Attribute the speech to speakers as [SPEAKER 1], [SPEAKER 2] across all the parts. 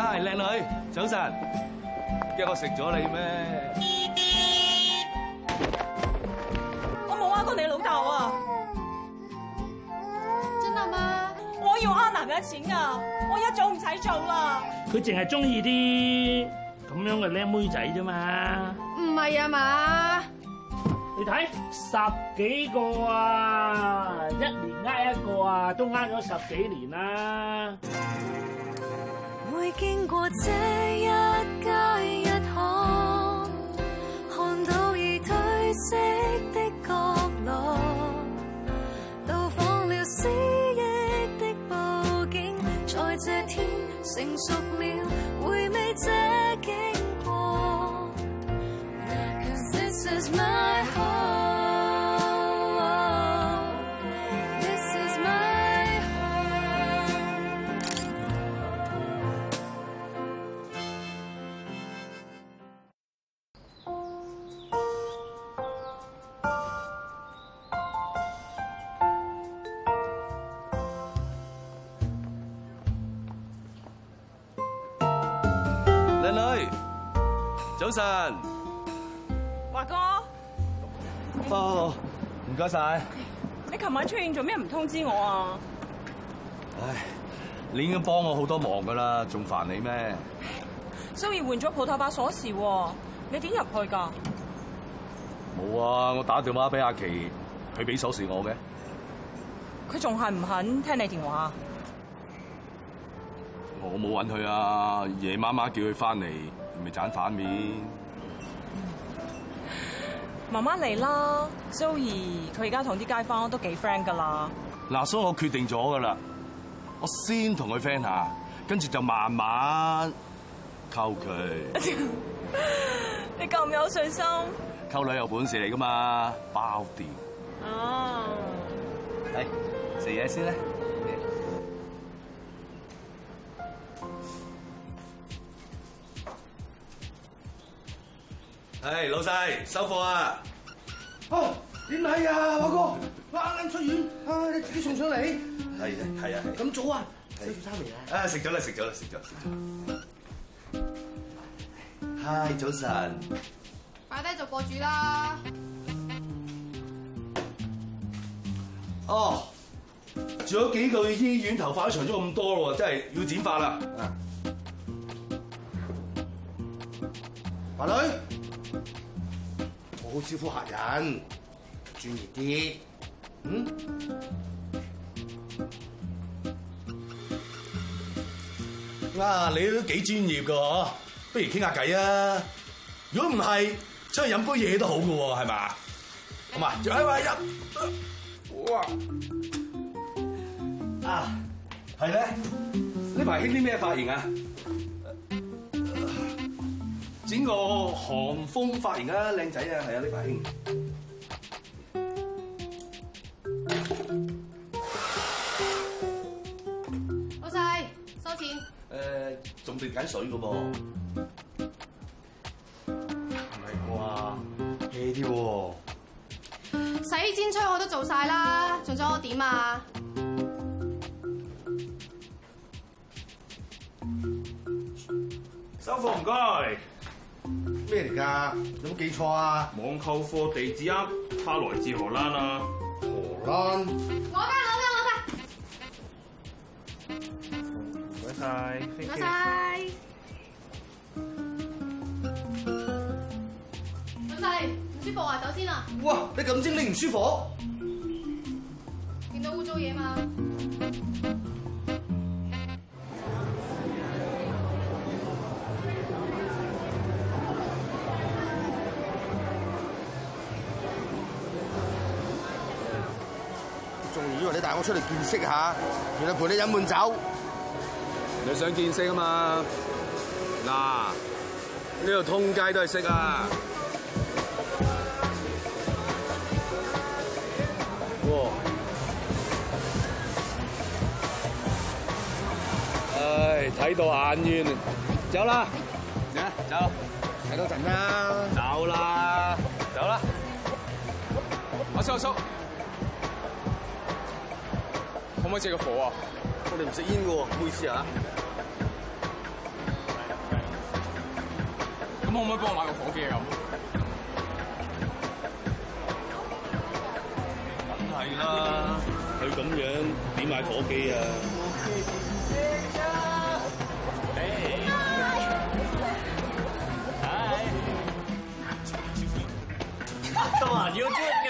[SPEAKER 1] 係靚女，早晨，驚我食咗你咩？
[SPEAKER 2] 我冇呃過你老豆啊！真係嘛？我要呃男人錢噶，我一早唔使做啦。
[SPEAKER 1] 佢淨係中意啲咁樣嘅靚妹仔啫嘛？
[SPEAKER 2] 唔係啊嘛？你睇十幾個啊，一年呃一個啊，都呃咗十幾年啦。
[SPEAKER 1] 會經過這一街一巷，看
[SPEAKER 2] 到已褪色的角落，到放了思憶的布景，在這天成熟了，回味這景。
[SPEAKER 1] 華哥，哦，唔該晒。謝謝你琴晚出現做咩唔通知我啊？唉，你已經幫我好多忙噶啦，仲煩你咩
[SPEAKER 2] ？Zoe 換咗鋪頭把鎖匙，你點入去噶？
[SPEAKER 1] 冇啊，我打電話俾阿琪，佢俾鎖匙我嘅。佢仲係唔肯聽你的電話？我冇揾佢啊，夜媽媽叫佢翻嚟。咪斬反面，
[SPEAKER 2] 慢慢嚟啦。Zoe 佢而家同啲街坊都幾 friend 噶啦。
[SPEAKER 1] 嗱，所以我決定咗噶啦，我先同佢 friend 下，跟住就慢慢溝佢。
[SPEAKER 2] 你咁有信心？
[SPEAKER 1] 溝女有本事嚟噶嘛，包掂。
[SPEAKER 2] 哦、oh.
[SPEAKER 1] hey,，係食嘢先啦。係、hey, 老細收貨、oh, 啊！哦，點睇啊，華哥，我啱啱 出院，啊
[SPEAKER 2] 你自己送上嚟。
[SPEAKER 1] 係啊係啊，咁、hey, 早啊，食
[SPEAKER 2] 早
[SPEAKER 1] 餐未啊？食咗啦，食咗啦，食咗。Hi、oh, 早晨。
[SPEAKER 2] 快低就過住啦。
[SPEAKER 1] 哦，住咗幾個醫院頭髮都長咗咁多咯，真係要剪髮啦。啊，華女。我好招呼客人，專業啲，嗯？啊，你都幾專業噶，不如傾下偈啊！如果唔係，出去飲杯嘢都好噶喎，係嘛？咁、嗯、啊，喂喂入，哇！啊，係咧，呢排興啲咩髮型啊？剪個韓風髮型啊，靚仔啊，係啊，呢兄
[SPEAKER 2] 老細收錢。
[SPEAKER 1] 誒、呃，仲未揀水嘅噃。唔係啩？貴啲喎。
[SPEAKER 2] 洗剪吹我都做晒啦，仲想我點啊？
[SPEAKER 1] 收貨唔該。咩嚟噶？有冇記錯啊？網購貨地址啊，他來自荷蘭啊，荷蘭。
[SPEAKER 2] 我嘅我嘅我嘅。唔該晒。唔該晒。粉仔唔舒服啊，走先
[SPEAKER 1] 啊！哇！你咁精，你唔舒服？
[SPEAKER 2] 見到污糟嘢嘛？
[SPEAKER 1] 你帶我出嚟見識下，原來陪你飲悶酒，你想見識啊嘛？嗱，呢度通街都係識啊！哇！唉，睇到眼冤啊！走啦！嚟啊！走！睇多陣啦！走啦！走啦！阿叔阿叔。可唔可以借個火啊？我哋唔食煙㗎喎，唔好意思啊！咁可唔可以幫我買個火機啊？梗係啦，佢咁樣點買火機啊？哎！哎！點啊？你要點？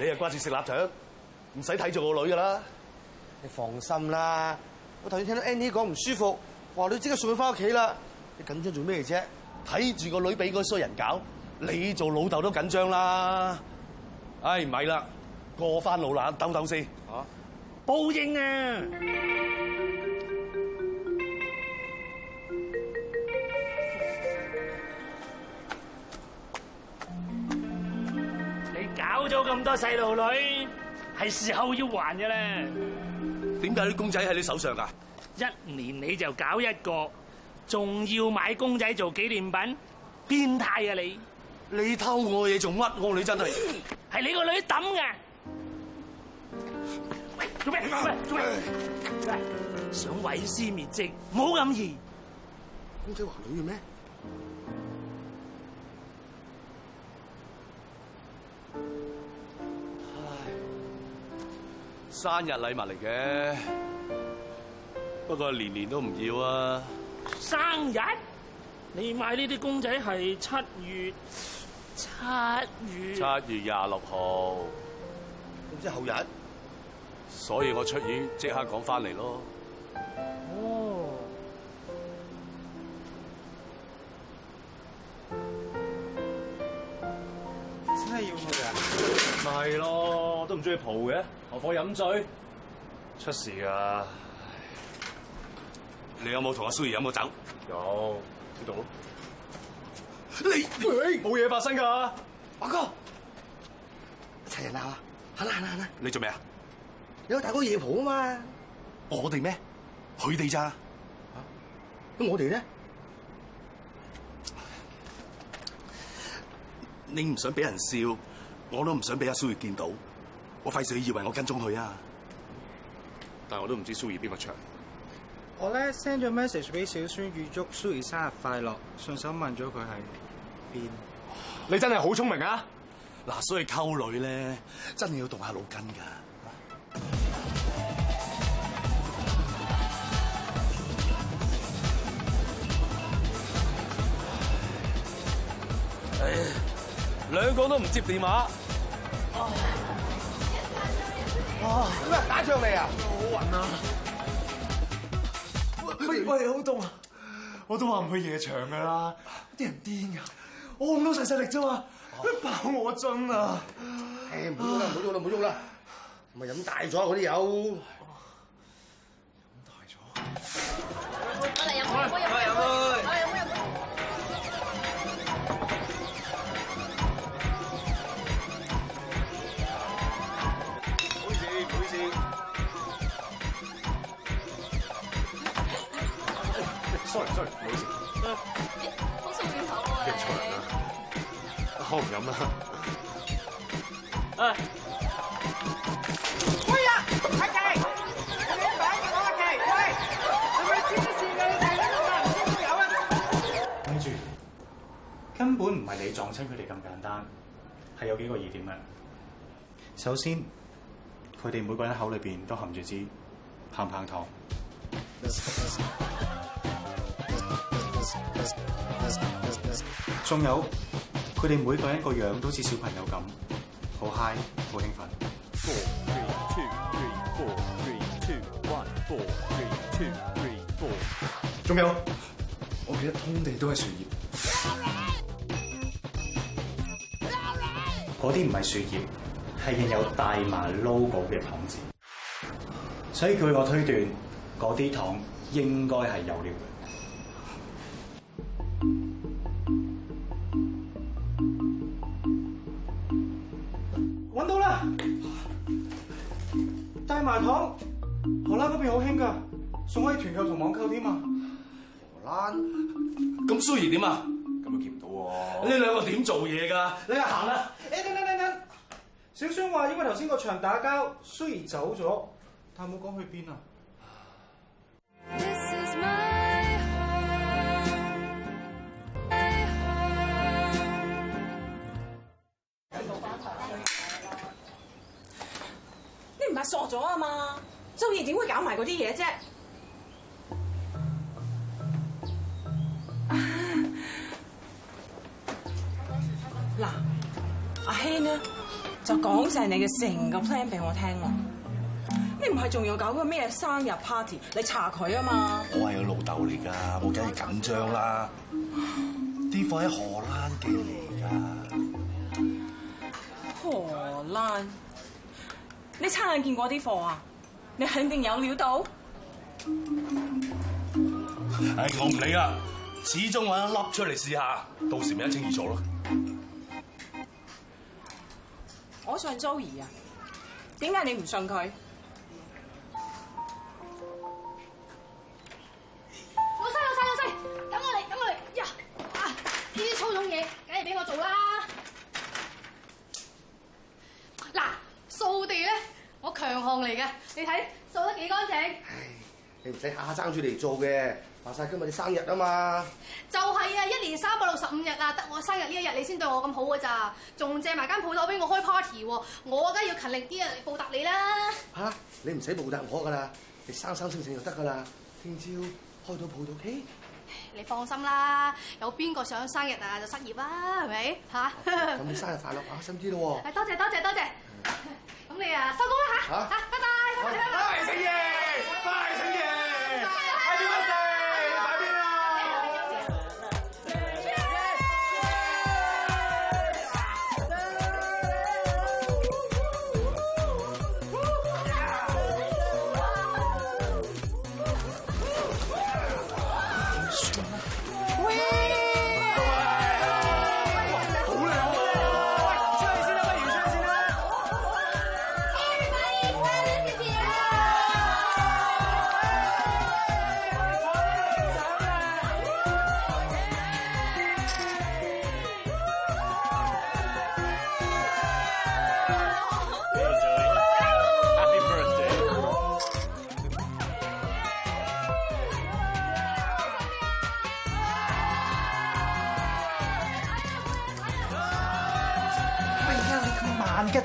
[SPEAKER 1] 你又掛住食臘腸，唔使睇住個女㗎啦。你放心啦，我頭先聽到 Andy 講唔舒服，話你即刻送佢翻屋企啦。你緊張做咩啫？睇住個女俾個衰人搞，你做老豆都緊張啦。哎，唉，唔係啦，過翻老蘭抖抖先。吓，報應啊！咁多細路女，係時候要還嘅咧。點解啲公仔喺你手上噶？一年你就搞一個，仲要買公仔做紀念品？變態啊你！你偷我嘢仲屈我女真係，係你個女抌嘅。做咩？做咩？想毀屍滅迹，冇咁易。公仔話女嘅咩？生日禮物嚟嘅，不過年年都唔要啊！生日，你買呢啲公仔係七月，七月，七月廿六號，咁即後日，所以我出院即刻講翻嚟咯。哦，真係要嘅，咪係咯。唔中意蒲嘅，何苦飲醉？出事啊！你有冇同阿蘇怡飲過酒？有，喺度咯。你冇嘢、欸、發生噶，阿哥齊人鬧啊！好啦，好啦，好啦。你做咩啊？你有大哥夜蒲啊嘛。我哋咩？佢哋咋？咁我哋咧？你唔想俾人笑，我都唔想俾阿蘇怡見到。我費事以為我跟蹤佢啊！但我都唔知 u 怡邊個場。我咧 send 咗 message 俾小孫預祝 u 怡生日快樂，順手問咗佢係邊。你真係好聰明啊！嗱，所以溝女咧真係要動下腦筋噶。唉，兩個都唔接電話、啊。咩、啊？打仗嚟啊！好暈啊！喂喂，好凍啊！我都話唔去夜場噶啦，啲、啊、人癲噶，我咁多細細力啫嘛，啊、你爆我樽啊！誒、啊，唔好喐啦，唔好喐啦，唔好喐啦，咪飲大咗嗰啲酒，飲大
[SPEAKER 2] 咗。sorry sorry，
[SPEAKER 1] 唔好意思。
[SPEAKER 2] 好熟料啊！認錯人、哎哎、啊！我唔飲啦。喂呀！阿 K，你快啲攞阿 K，喂！我哋先呢次嘅事情啊，唔好搞啊！
[SPEAKER 1] 睇住、啊，根本唔係你撞親佢哋咁簡單，係有幾個疑點嘅。首先，佢哋每個人口裏邊都含住支棒棒糖。 仲有，佢哋每個人個樣都似小朋友咁，好嗨，好興奮。仲有，我記得通地都係樹葉。嗰啲唔係樹葉，係印有大麻 logo 嘅糖紙。所以據我推斷，嗰啲糖應該係有料的。好興噶，送可以團購同網購添啊！荷蘭，咁 Zoe 點啊？咁又見唔到喎？你哋兩個點做嘢噶？你又行啦！哎，等等等等，小孫話因為頭先個場打交，Zoe 走咗，但冇講去邊啊
[SPEAKER 2] ？This is my heart, heart. 你唔係傻咗啊嘛？周燕點會搞埋嗰啲嘢啫？
[SPEAKER 1] 嗱、啊，阿希呢就講晒你嘅成個 plan 俾我聽喎。你唔係仲要搞
[SPEAKER 2] 個咩生日 party？你查佢啊嘛！
[SPEAKER 1] 我係個老豆嚟噶，我梗係緊張啦。啲貨喺荷蘭寄嚟噶。
[SPEAKER 2] 荷蘭？你親眼見過啲貨啊？你肯定有料到？
[SPEAKER 1] 唉、哎,我唔理啊，始終搵一粒出嚟試下，到時咪一清二楚咯。
[SPEAKER 2] 我 Joey，信周兒啊，點解你唔信佢？老細，老細，老細！等我嚟，等我嚟呀！啊，呢啲粗重嘢，梗係俾我做啦。長項嚟嘅，你睇做得幾乾淨。
[SPEAKER 1] 唉，你唔使下下爭住嚟做嘅，話晒今日你生日啊嘛。
[SPEAKER 2] 就係、是、啊，一年三百六十五日啊，得我生日呢一日你先對我咁好噶咋？仲借埋間鋪頭俾我開 party，我梗係要勤力啲嚟報答你啦。
[SPEAKER 1] 吓、啊，你唔使報答我噶啦，你生生性性就得噶啦。聽朝開到鋪頭 K，
[SPEAKER 2] 你放心啦，有邊個想生日啊就失業啦，係咪？吓、啊，咁你生日
[SPEAKER 1] 快樂，開心啲咯。係多
[SPEAKER 2] 謝多謝多謝。多謝多謝嗯收工啦吓？來、啊啊，拜拜，拜拜拜，拜。拜拜拜拜。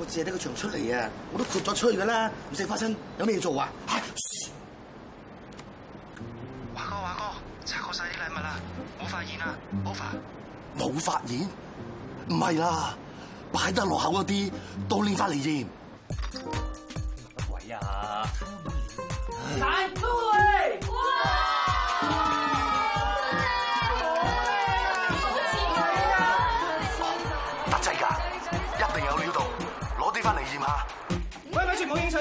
[SPEAKER 1] 我借得個牆出嚟啊！我都豁咗出去噶啦，唔使發生，有咩嘢做啊？華哥，華哥，拆過晒啲禮物啦，冇發現啊，冇發，冇發現，唔係啦，擺得落口嗰啲都拎翻嚟驗。乜鬼啊？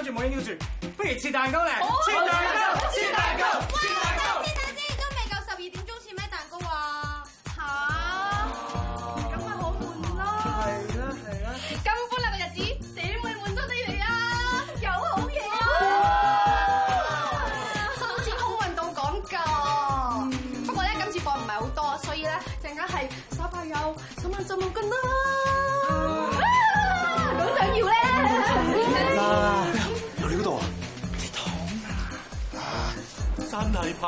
[SPEAKER 1] 跟住冇嘢，要住。不如切蛋糕咧，切蛋糕，切蛋糕。喂，等先，等
[SPEAKER 2] 先，都未夠十二點鐘，切咩蛋糕啊？嚇！咁咪好悶咯。係啦，係啦。咁歡樂嘅日子點會滿足你哋啊？有好嘢啊！好似空運到廣告。不過咧，今次貨唔係好多，所以咧陣間係小朋友，做乜做乜咁多？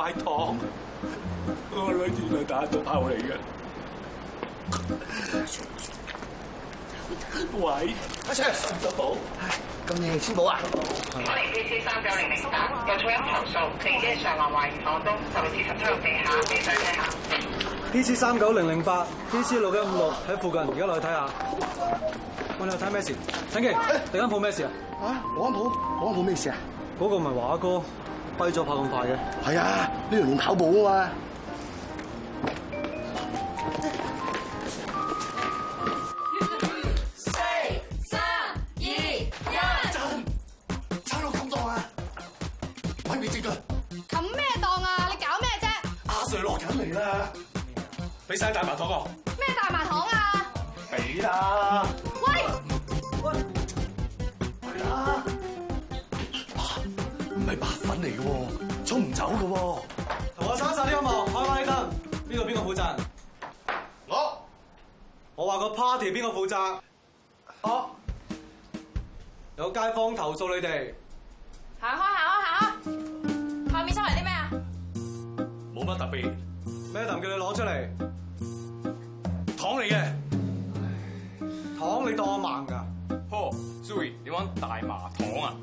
[SPEAKER 1] 買糖，我女原來打到後嚟嘅。喂，阿 Sir，唉，新寶，今日新寶啊？我嚟 PC 三九
[SPEAKER 2] 零零八，有噪音投訴，佢而家上環懷疑廣東道，十六至十七號地下，你睇下。PC 三九零零八，PC 六一五六喺附近，而家
[SPEAKER 1] 落去睇下。我哋睇咩事？陳記，你間鋪咩事啊？啊，我間鋪，我間鋪咩事啊？嗰、個唔係華哥。開咗跑咁快嘅，係啊，呢度練跑步啊嘛。四三二一，真差到咁多啊！揾唔見佢，
[SPEAKER 2] 冚咩當啊？你搞咩啫？
[SPEAKER 1] 阿 Sir 落緊嚟啦，俾晒大麻糖我。
[SPEAKER 2] 咩大麻糖啊？
[SPEAKER 1] 俾啦、啊。嗯嚟嘅喎，衝唔走嘅喎，
[SPEAKER 2] 啊。同我刪晒啲音樂，開翻啲燈。
[SPEAKER 1] 邊個邊個負責？我。我話個 party 邊個負責？我。Oh。有街坊投訴你哋。
[SPEAKER 2] 行開行開行開。下面收嚟啲咩啊？
[SPEAKER 1] 冇乜特別。Madam 叫你攞出嚟。糖嚟嘅。糖，你當我盲㗎？呵，Zoe，你玩大麻糖啊？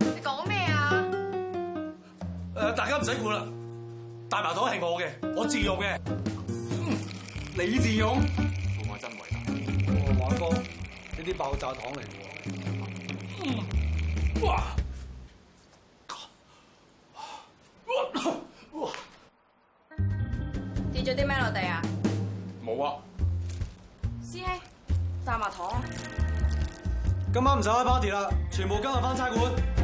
[SPEAKER 1] 而家唔使管啦，大麻糖係我嘅，我自用嘅，嗯。你自用？父愛真偉大。我話過呢啲爆炸糖嚟嘅。哇！
[SPEAKER 2] 跌咗啲咩落地啊？
[SPEAKER 1] 冇啊。
[SPEAKER 2] 師兄，大麻糖。
[SPEAKER 1] 今晚唔使開 party 啦，全部今日返差館。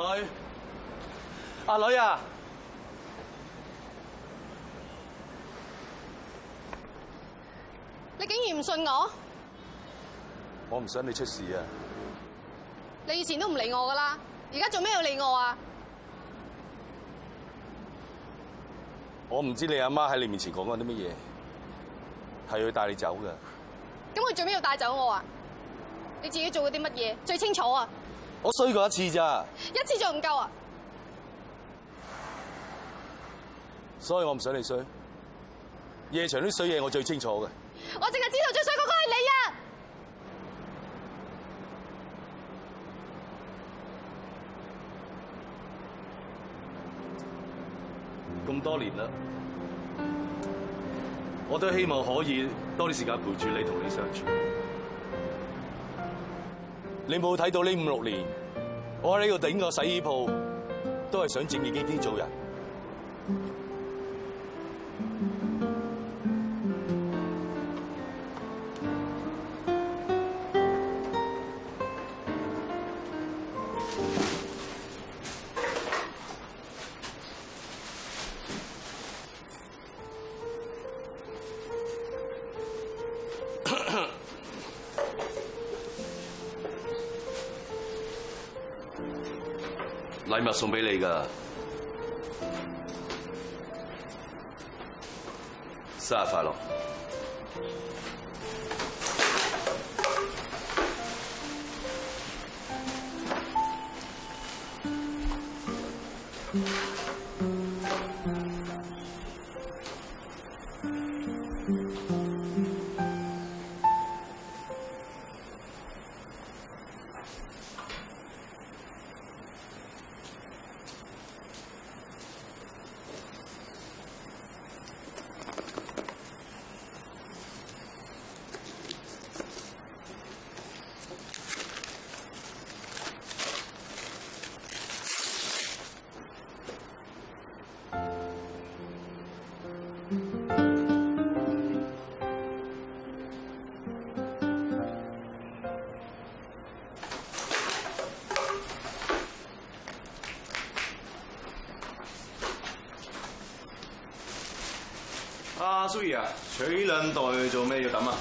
[SPEAKER 1] 阿女，阿女啊！
[SPEAKER 2] 你竟然唔信我？
[SPEAKER 1] 我唔想你出事啊！
[SPEAKER 2] 你以前都唔理我噶啦，而家做咩要理我啊？
[SPEAKER 1] 我唔知你阿媽喺你面前講緊啲乜嘢，係要帶你走噶。
[SPEAKER 2] 咁佢做咩要帶走我啊？你自己做過啲乜嘢？最清楚啊！
[SPEAKER 1] 我衰過一次咋？
[SPEAKER 2] 一次就唔夠啊？
[SPEAKER 1] 所以我唔想你衰。夜場啲衰嘢我最清楚嘅。
[SPEAKER 2] 我淨係知道最衰嗰個係你啊！
[SPEAKER 1] 咁多年啦，我都希望可以多啲時間陪住你，同你相處。你冇睇到呢五六年，我喺呢度頂個洗衣鋪都係想正正經經做人。禮物送俾你㗎，生日快樂！注意啊！取兩袋做咩要等啊？